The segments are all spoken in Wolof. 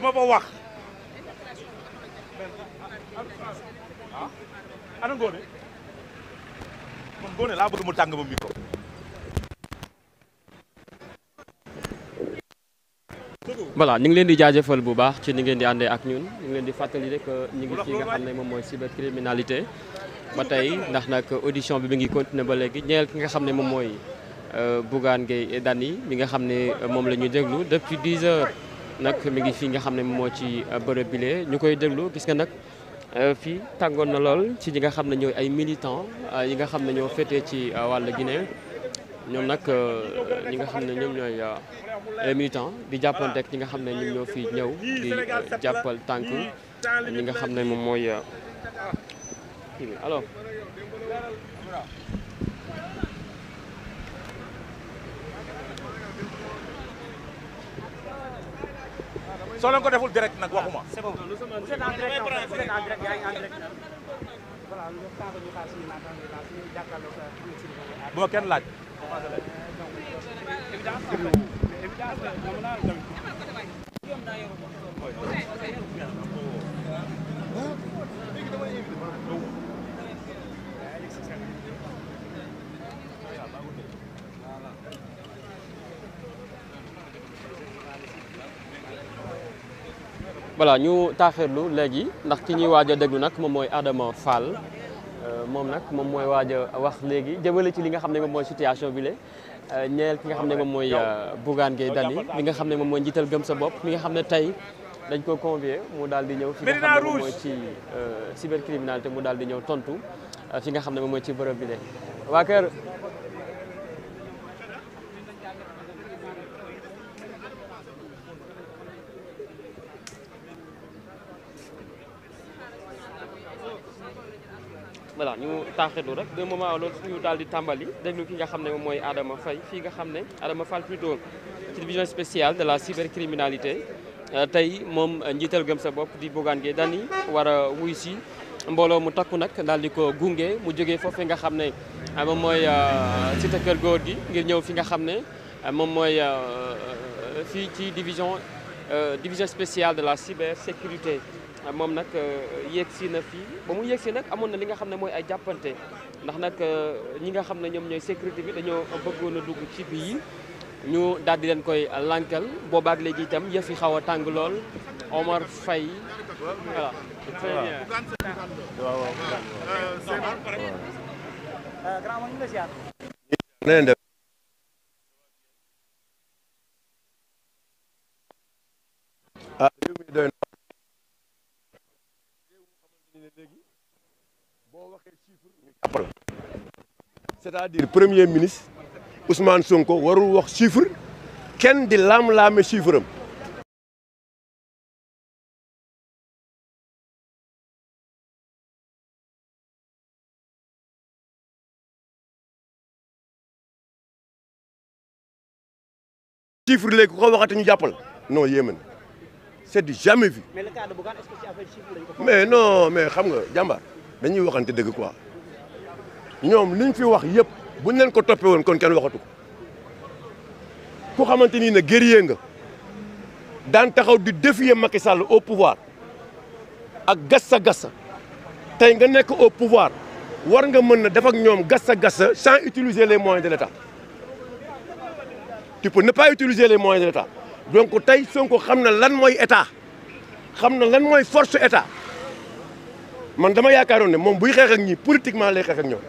du ma ko ah, mu tàng ma micro ñu ngi leen di jaajëfal bu baax ci ni ngeen di àndee ak ñun ñu ngi leen di fàttali rek ñu ngi ci nga xam ne moom mooy cybercriminalité ba tey ndax nak audition bi mi ngi continuer ba léegi ñeel ki nga xam ne moom mooy euh, Bougane Gueye Dany mi nga xam ne moom la ñu déglu depuis 10 nag mi ngi fii nga xam ne moom moo ci euh, bërëb bile ñu koy déglu gis nga nag euh, fii tàngoon na lool ci ñi nga xam ne ñooy ay militants euh, yi nga xam ne ñoo féetee ci wàll Guinée ñoom nag ñi nga xam ne ñoom ñooy les militants di jàppante ak ñi nga xam ne ñoom ñoo fi ñëw di jàppal tànk ñi nga xam ne moom mooy soo leen ko deful direct nag waxuma. c'est bon nous sommes en direct voilà ñu taaxirlu léegi ndax ki ñuy waaj a déglu nag moom mooy Adama Fall euh, moom nag moom mooy waaj a wax léegi jëmale ci li nga xam ne moom mooy situation bi la euh, ñeel ki nga xam ne moom mooy euh, Bougane Gueye Dany li nga xam ne moom mooy njiital gëm sa bopp mi nga xam ne tey dañ ko convier mu daal di ñëw fi nga xam ne moom mooy ci mu daal di ñëw tontu fi nga xam ne moom mooy ci bërëb bi la waa kër voilà ñu taaxirlu rek de moment loolu ñu daal di tàmbali déglu ki nga xam ne moom mooy Adama Faye fii nga xam ne Adama Fall plutôt ci division spéciale de la cybercriminalité euh, tey moom njiital gëm sa bopp di Bougane Gueye Dany war a wuy si mbooloo mu takku nag daal di ko gunge mu jógee foofu nga xam ne euh, moom mooy euh, cité kër góor gi ñëw fi nga xam ne moom mooy fii ci division division spéciale de la cybersécurité moom nag euh, si na fii ba mu si nag amoon na li nga xam ne mooy ay jàppante ndax nag euh, ñi nga xam ne ñoom ñooy sécurité bi dañoo bëggoon a dugg ci bii ñu daal di leen koy lànkal boobaak léegi itam yëf yi xaw a tàng lool Omar fay voilà. waaw ah, c'est-à-dire premier ministre Ousmane Sonko warul wax chiffre kenn di laam e chiffre am chiffre léegi ko waxati ñu jàppal non yéeman c'est du jamais vu. mais le cas de Bougane non mais xam nga jàmbaar dañuy waxante dëgg quoi ñoom liñ fi wax yëpp buñ leen ko toppee woon kon ken waxatu ko ku xamante ni ne guerrier nga daan taxaw di défier Macky Sall au pouvoir ak gassa gassa tey nga nekk au pouvoir war nga mën na def ak ñoom gassa gassa sans utiliser les moyens de l'État tu peux ne pas utiliser les moyens de l'État donc tey Sonko xam na lan mooy état xam na lan mooy force état man dama yaakaar yaakaaroon ne moom buy xeex ak ñi politiquement lay xeex ñoom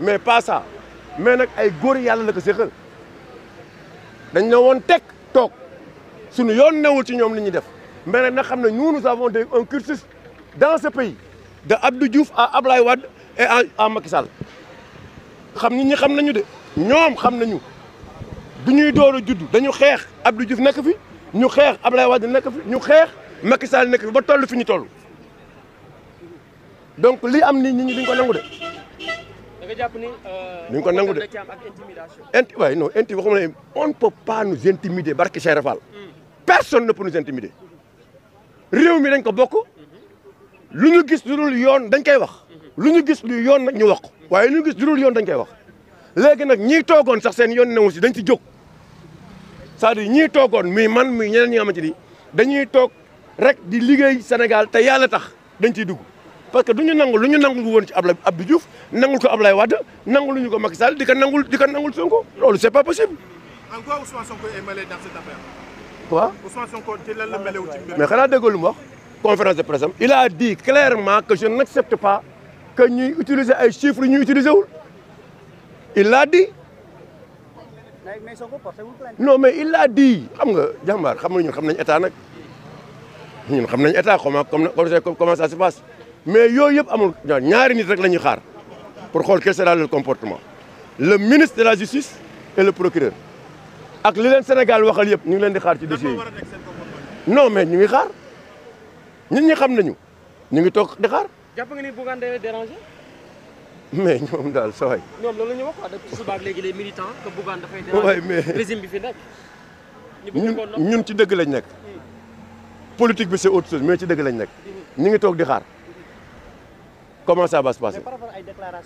mais passa ça mais nag ay góor yàlla la ko séqal dañ la woon teg toog suñu yoon newul ci ñoom li ñuy def mais nag na xam ne ñun nous avons un cursus dans ce pays de Abdou Diouf à Ablaye Wade et à Macky Sall xam nit ñi xam nañu de ñoom xam nañu bu ñuy door a judd dañu xeex ab Abdou Diouf nekk fi ñu xeex ab Abdoulaye Wade nekk fi ñu xeex Macky Sall nekk fi ba toll fi ñu toll donc li am ni nit ñi duñ ko nangu de. da jàpp ni. Euh, duñ ko nangu de inti waaye non inti waxuma ne on ne peut pas nous intimider barke Cheikh Rafal mm. personne ne peut nous intimider réew mi dañ ko bokk lu ñu gis lu dul yoon dañ koy wax lu ñu gis lu yoon nag ñu wax ko waaye lu gis lu yoon dañ koy wax léegi nag ñii toogoon sax seen yoon newu si dañ si jóg. cest à ñii toogoon mii man mii ñeneen ñi nga xamante ni dañuy toog rek di liggéey Sénégal te yàlla tax dañ ciy dugg parce que du ñu nangu lu ñu nangul ko woon ci Abla Abdou Diouf nangul ko Ablaye Wade nangul ñu ko Macky Sall di ko nangul di ko nangul Sonko loolu c'est pas possible. en quoi Ousmane Sonko est mêlé dans cette affaire. quoi Ousmane Sonko ci lan la mêlé wu ci mbir mais xanaa déggoo lu mu conférence de presse am il a clairement que je n'accepte pas que ñuy utiliser ay chiffres ñuy utiliser wul il l'a non mais il l'a dit xam nga jàmbaar xam nga ñun xam nañ état nag ñun xam nañ état comment comment ça se passe mais yooyu yëpp amul ñaari nit rek la ñuy xaar pour xool quel sera le comportement le ministre de la justice et le procureur ak li leen Sénégal waxal yëpp ñu ngi leen di xaar ci dossier yi non mais ñu ngi xaar ñun ñi xam nañu ñu ngi toog di xaar. nga ni Bougane day déranger. mais ñoom daal saa waay. loolu la ñu wax quoi depuis suba ak léegi les militants que Bougane dafay. waay mais régime ñun ñun ci dëgg lañ nekk. politique bi c'est autre chose mais ci dëgg lañ nekk. ñu ngi toog di xaar. comment ça va se bëgg a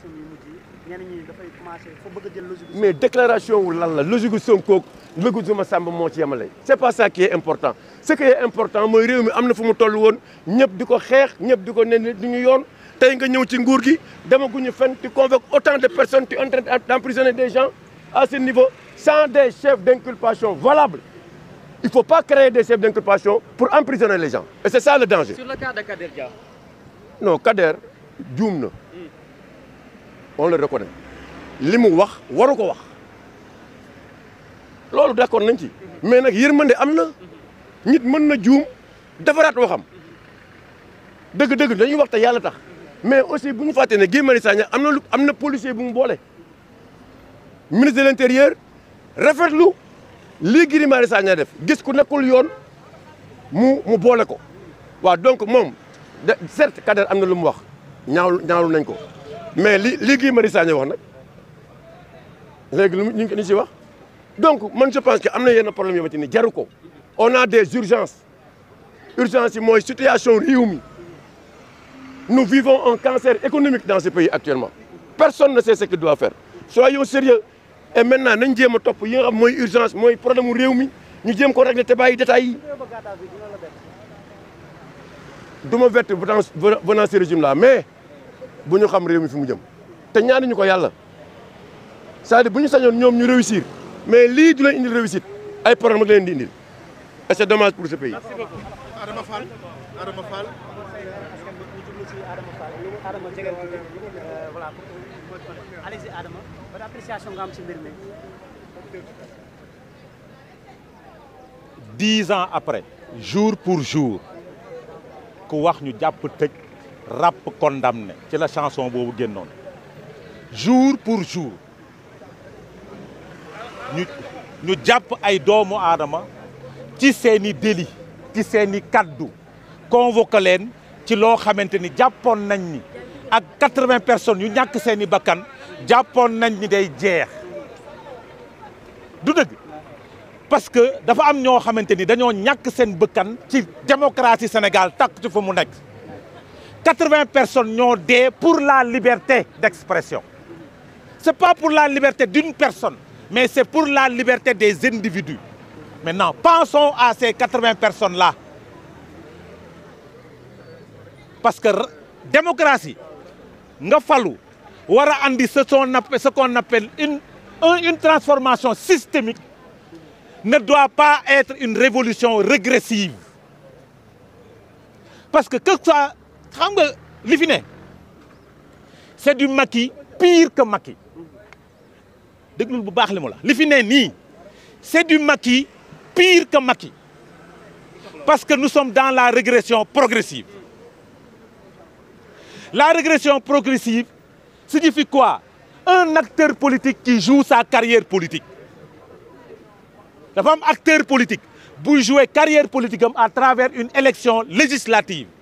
jël logique. mais déclaration wu lan la logique Sonko logique Zuma Samba moo ci yemale. c'est pas ça qui est important ce qui est important mooy réew mi am na fu mu toll woon ñëpp di ko xeex ñëpp di ko ne du ñu yoon. tey nga ñëw ci nguur gi demaguñu fenn tu convoques autant de personnes tu es en train d'emprisonner des gens à ce niveau sans des chefs d'inculpation valables il faut pas créer des chefs d'inculpation pour emprisonner les gens et c'est ça le danger. le cas de Kader non Kader juum na. on le reconnaît. li mu wax waru ko wax loolu d'accord nañ ci. mais nag yërmande am na. nit mën na juum defaraat waxam dëgg-dëgg dañuy wax te yàlla tax. mais aussi bu ñu fàtte ne Guy Marius Sagna am na lu am na policier bu mu boole ministre de l' intérieur rafetlu lii Guy Marius Sagna def gis ku nekkul yoon mu mu boole ko waaw donc moom de certes Kader am na lu mu wax ñaaw ñaawlu nañ ko mais li lii Guy Marius Sagna wax nag léegi lu ñu ñu si wax donc man je pense que am na yenn problème yoo xamante ni jaru ko on a des urgences urgence yi mooy situation réew mi Nous vivons un cancer économique dans ce pays actuellement. Personne ne sait ce qu'il doit faire. Soyons sérieux. Et maintenant, nous devons top. Il y a une urgence, un problème réuni. Nous devons régler les détails. Je ne vais pas venant ce régime-là. Mais, si nous savons réuni, nous devons. Et nous devons Dieu. C'est-à-dire que si nous nous réussir. Mais ce qui nous réussite, c'est problème problèmes qui nous Et c'est dommage pour ce pays. ci an Fall ñu ne Adama euh, après jour pour jour ku wax ñu jàpp tëj ràpp condamné ci la chanson boobu génnoon jour pour jour ñu ñu jàpp ay doomu aadama ci seeni délit ci seeni kaddu convoqué leen. ci loo xamante ni jàppoon nañ ni ak quatre-vingts personnes yu ñàkk seeni bakkan jàppoon nañ ni day jeex du dëgg parce que dafa am ñoo xamante ni dañoo ñàkk seen bëkkan ci démocratie Sénégal takk ci fa mu nekk quatre-vingts personnes ñoo dee pour la liberté d'expression c'est pas pour la liberté d'une personne mais c'est pour la liberté des individus maintenant pensons à ces quatre-vingts personnes là parce que démocratie nga falu war a andi ce qu'on appelle ce une transformation systémique ne doit pas être une révolution régressive parce que que soit xam nga li fi ne c'est du Macky pire que Macky déglul bu baax li mu la li fi ne nii c'est du Macky pire que Macky parce que nu sommes dans la régression progressive La régression progressive signifie quoi Un acteur politique qui joue sa carrière politique. dafa am acteur politique buy jouer carrière politique am à travers une élection législative